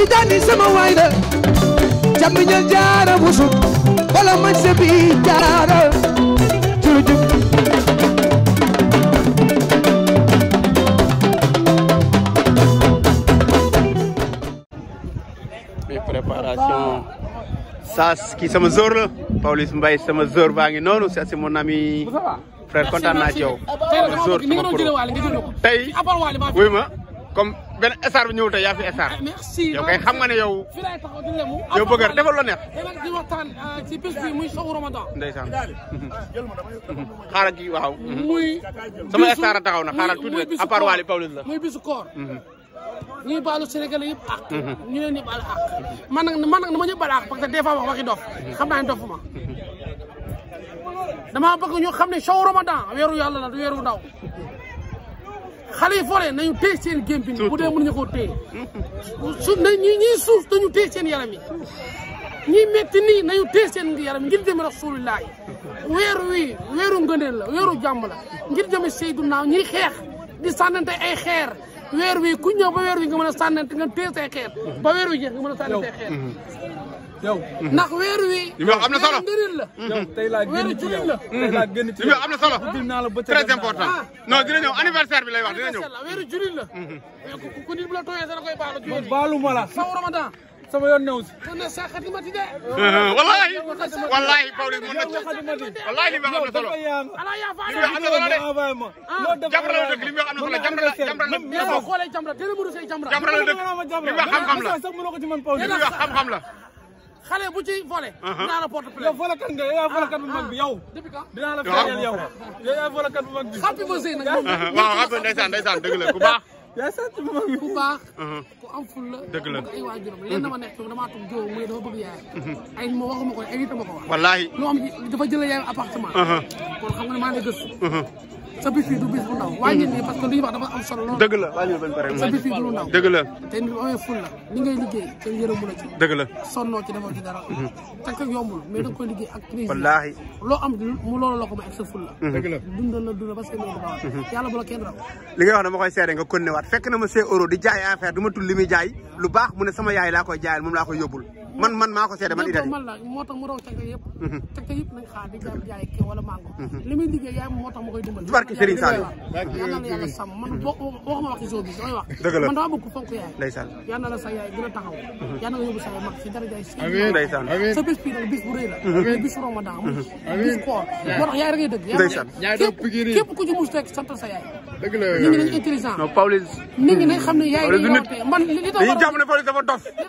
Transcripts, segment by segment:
tijani sama waay la jambi ñal jaara busu wala man se bi jaara jurujub mais préparation Sass ki sama zor la Pawlish Mbaye sama zor baa ngi noonu c'est mon ami frère kontaan naa ci yow zor sama pro tey wuy ma comme benn star bi ñëwul tey yaa fi star. Ah, merci yow kay xam nga ne yow. fi laay taxaw di yow bëgg a defal la neex. di euh, muy sowu Ramadan. Ah, mhm. a taxaw na xaaral tuuti rek à part Wally Pawlish la. muy bisu mhm. ñuy baalu Sénégal yëpp àq. Mhm. ñu leen di baal àq. man nag man nag dama ñëpp baal àq parce que des fois wax waxi dof xam naa ne dofuma. damaa bëgg ñu xam ne sowu Ramadan weeru yàlla la du weeru ndaw. xale yi foree nañu téye seen gémb bu dee mënuñu koo téye su na ñuy suuf nañu téye seen yaram yi ñuy métti nii nañu téye seen yaram ngir jëme rasulillah weeru wi weeru ngëneel la weeru jàmm la ngir jëme Seydou naaw ñuy xeex di sànnante ay xeer weer wi ku ñëw ba weer wi nga mën a sànnante nga téye say xeer ba weer wi jeex nga mën a sànnante ay yow ndax weer wi. yow am na solo la. yow tey laa gën ci yow tey laa gën ci yow am na solo. très important. Ah. non dina ñëw anniversaire bi lay wax dina ñëw. weeru jullit la. Mhm. ku nit bu la tooyee dana koy baalu. jullit baalu ma la saw ramadan sama yoon new si. mën na saa xatima ti de. wallaahi wallaahi Pawlish mën na ci wallaahi li mu wax am na solo. ala yaa fa ala am na solo de. Ah. jamra la dëkk li mu wax am na solo jamra la jamra la. jamra la dëkk li mu wax xam-xam la. li mu wax xam-xam la. xale bu ci volé. Uh-huh. dinaa la porte plainte. yow volé kat nga yow volé kat bu mag bi yow. Ah, depuis quand dinaa la feeñal yow. yow yaa volé kat bu mag bi. xam nga sëy nag. waaw xam nga ndeysaan ndeysaan dëgg la ku baax. yaa sant bu mag bi ku baax. Uh-huh. ku am ful la. dëgg la ay waajuram leen dama nekk damaa tugg jiw mu ne dafa bëgg yaay. Uh-huh. ay ma waxuma ko ay nit ma ko wax. wallaahi. lu am dafa jëlee yaay appartement. kon xam nga ne maa ngi gëstu. sa bis bi du bis bu ndaw. nii parce que am solo dëgg la sa bis bi du lu ndaw. dëgg te nit la li ngay liggéey te yërëmu la ci. dëgg la sonnoo ci demoo ci dara. teg mhm. teg yombul mais da nga koy liggéey ak crise. wallaahi loo am mu loolu la ko may mhm. mhm. di jaay affaire du ma tudd li muy jaay lu baax mu ne sama yaay laa koy jaayal moom laa koy yóbbul man man maa ko seede man Idda man la moo tax mu raw càq yëpp. Mhm. càq yëpp nañ xaar di jaay kii wala mango. Mhm. li muy liggéey yaay moo tax ma koy dimbali. barke Serigne Saliou yàlla na yàlla sàmm man mhm. boo waxuma wax ci soo bi damay wax. dëgg la man dama bëgg fonk yaay. ndeysaan yàlla na la sa yaay gën a taxaw. yàlla nga yóbbu sa mag si dara jaay. amiin ndeysaan sa bis bii nag bis bu rëy la. amiin bis Ramadan. amiin bis koor moo tax yaay rek ngay dëgg. ndeysaan yaay doon pikiri képp ku ci mus teg sant sa yaay dëgg la nit ñi dañu intelligent. non Pawlish. nit ñi dañu xam ne yaay dañuy yombee man li li dañuy jàpp ne Pawlish dafa dof. li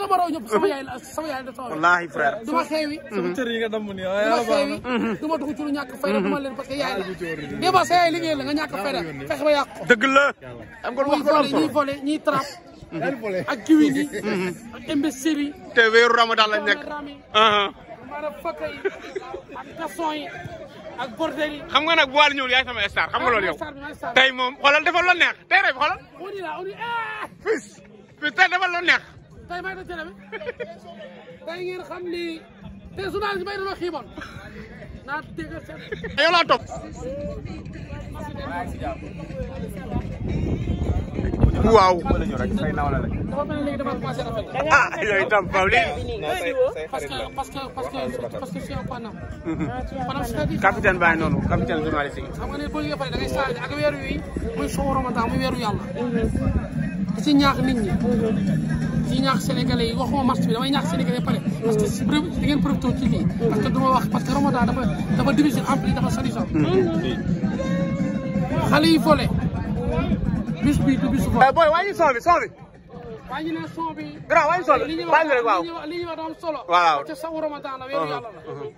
dafa raw ñëpp sama yaay la sama yaay dafa raw. wallaahi frère. du ma xeewi. sama mhm. cër yi nga damm nii waaye ah, yàlla baax na. Mhm. du ma dugg ci lu ñàkk a fay rek mhm. ma leen parce que yaay la. des fois sa yaay liggéey la nga ñàkk a fay rek fexe ba yàq ko. dëgg la. am nga lu wax ko am solo ñuy volé ñuy trap. ak kiwi yi. ak imbécile yi. te weeru ramadan lañ nekk. maanaam fëkk yi ak tason ak bordel xam nga nag bu waale ñëwul yaay sama star xam nga loolu yow. Ah, tey moom xoolal defal loo neex tey rek xoolal. on dit là on ah! defal loo neex. tey maa ngi doon jërëjëf tey ngeen xam ni tey journaliste bi may doon xiibon naa dégg yow waaw. ah yooyu tam Pauline. parce que parce que parce que c'est un panam. Mhm. capitaine baa ngi noonu capitaine journaliste yi. xam weer wi muy soowu Ramadan muy weeru yàlla. Mhm. ci ñaax nit ñi. Mhm. di ñaax sénégalais yi waxuma marché bi damay pare. parce que si ci lii. parce que wax parce que Ramadan dafa dafa division ampli dafa solution. xale yi fole bis bi du bisu fole. Eh, booy wàññi son bi son bi. wàññi ne son bi. grand wàññi son bi wàññi rek waaw li ñuy wax li ñuy wax dafa am solo. waaw te sa Ramadan la weeru uh-huh. yàlla la. Uh-huh.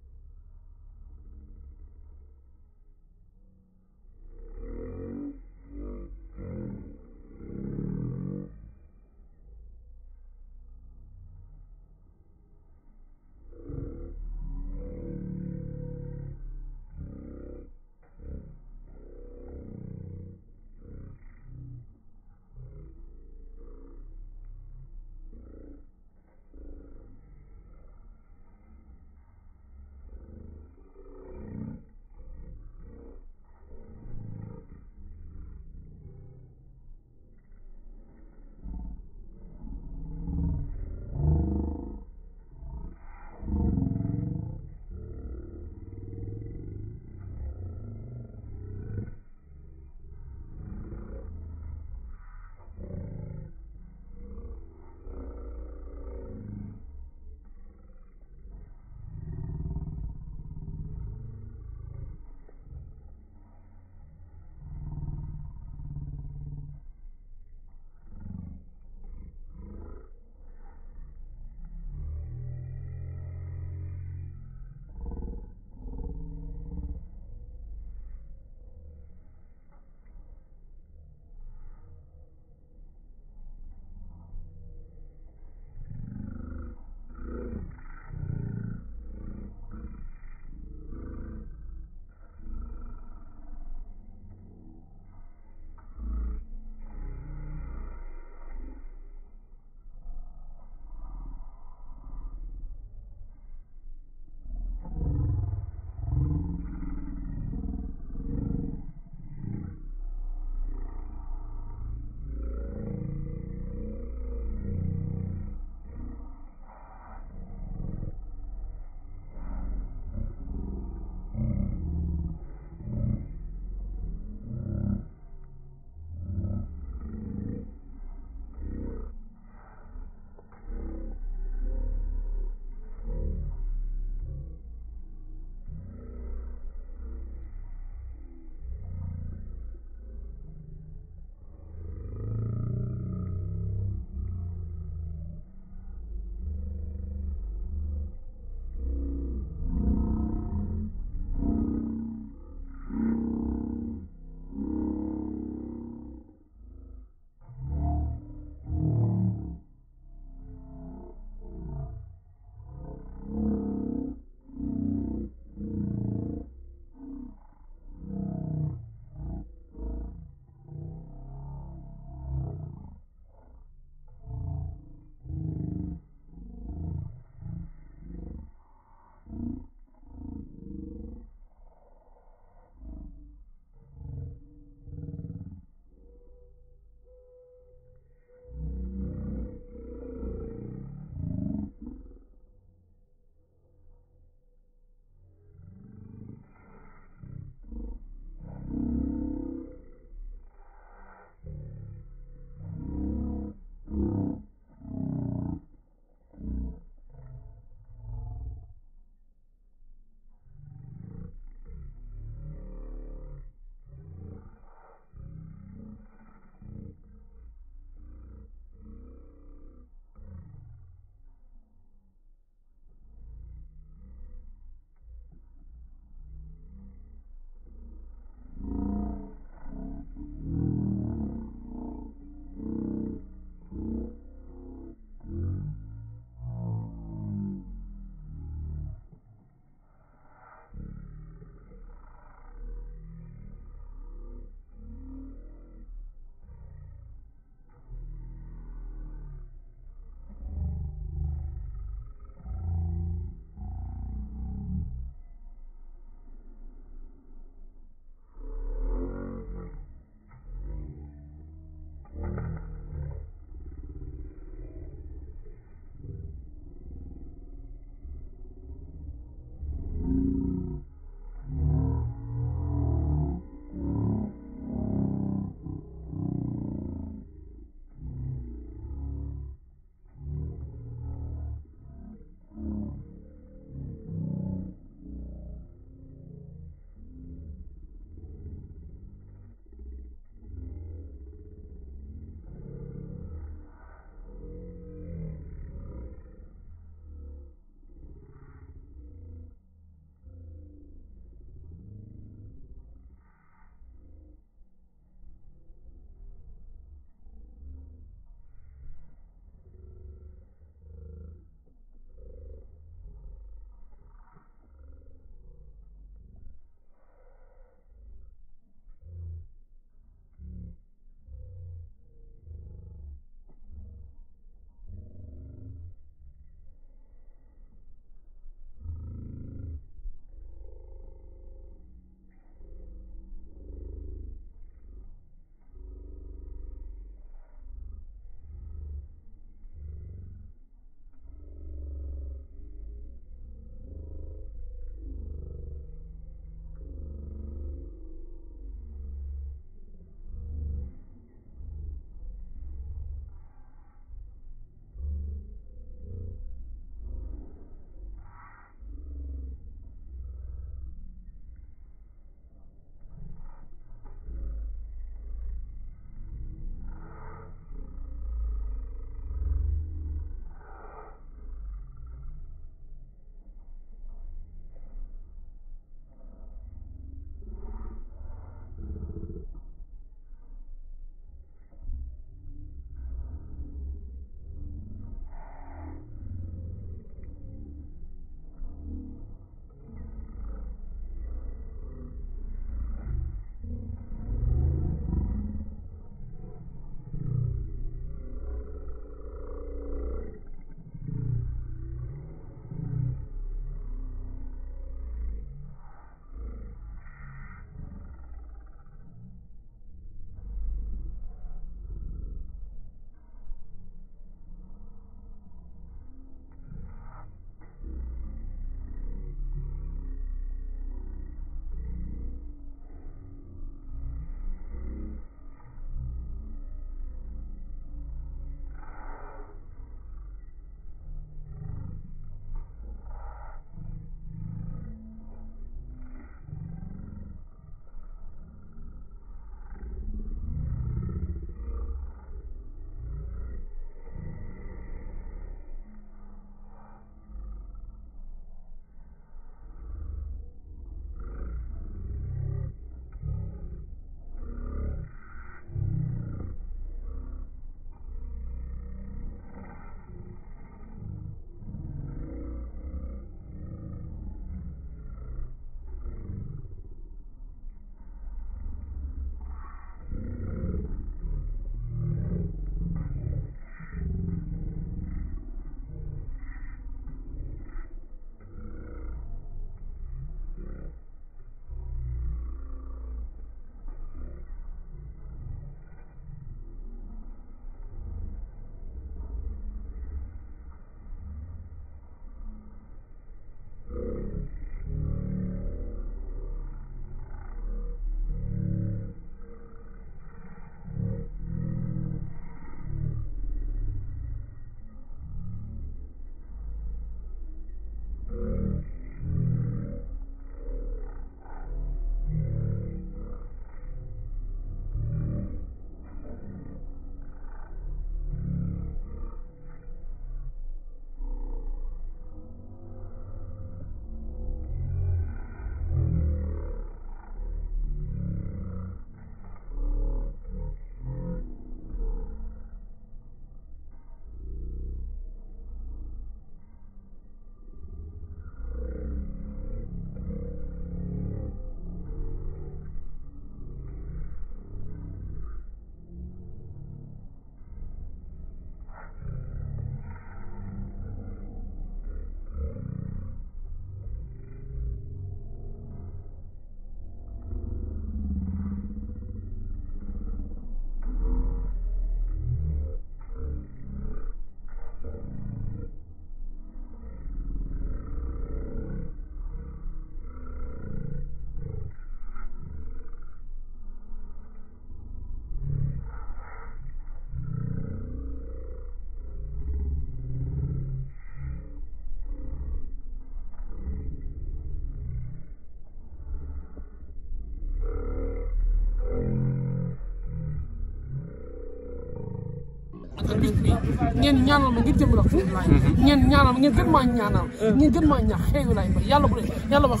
nekk nii ngeen ñaanal ma ngir jëm la mhm. ngeen ñaanal ma mhm. ngeen gën maa ñaanal ngeen gën maa ñaax xeewu laay mbër yàlla bu ne yàlla wax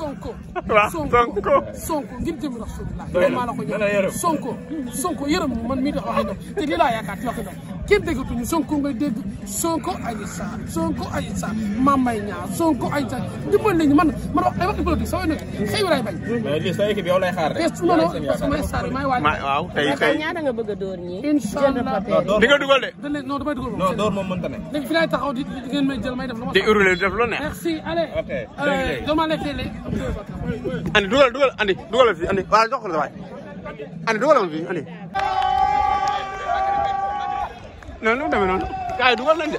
sonko sonko sonko ngir jëm la maa la ko ñaan sonko sonko yërëm man mii tax waxee te lii laa yaakaar kenn déggatuñu Sonko nga dégg Sonko Adji Sarr Sonko Adji Sarr Mame Mbaye Niang Sonko Adji Sarr dimbal nañu man man wax ay waxi politique sa nag xëy walaay bañ. mais lii sa équipe yow lay xaar rek. non non parce que may Sarr may waaj. waaw tey tey ñaata nga bëgg a door ñii. incha allah di nga dugal de. non damay dugal non door moom mënta ne. léegi fi laay taxaw di di ngeen may jël may def lu ma. di hurler def lu ne. merci allez. ok euh, dégg nga andi dugal dugal andi dugal fi andi waaw jox ko la waay andi dugal ma fi andi. noonu lu mu demee noonu gars yi dugal nañ de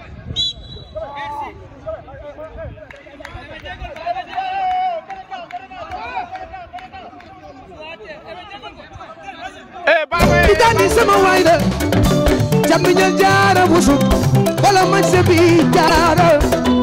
di dani sama waay la jàmm ñal jaara busub wala mañ se bi jaara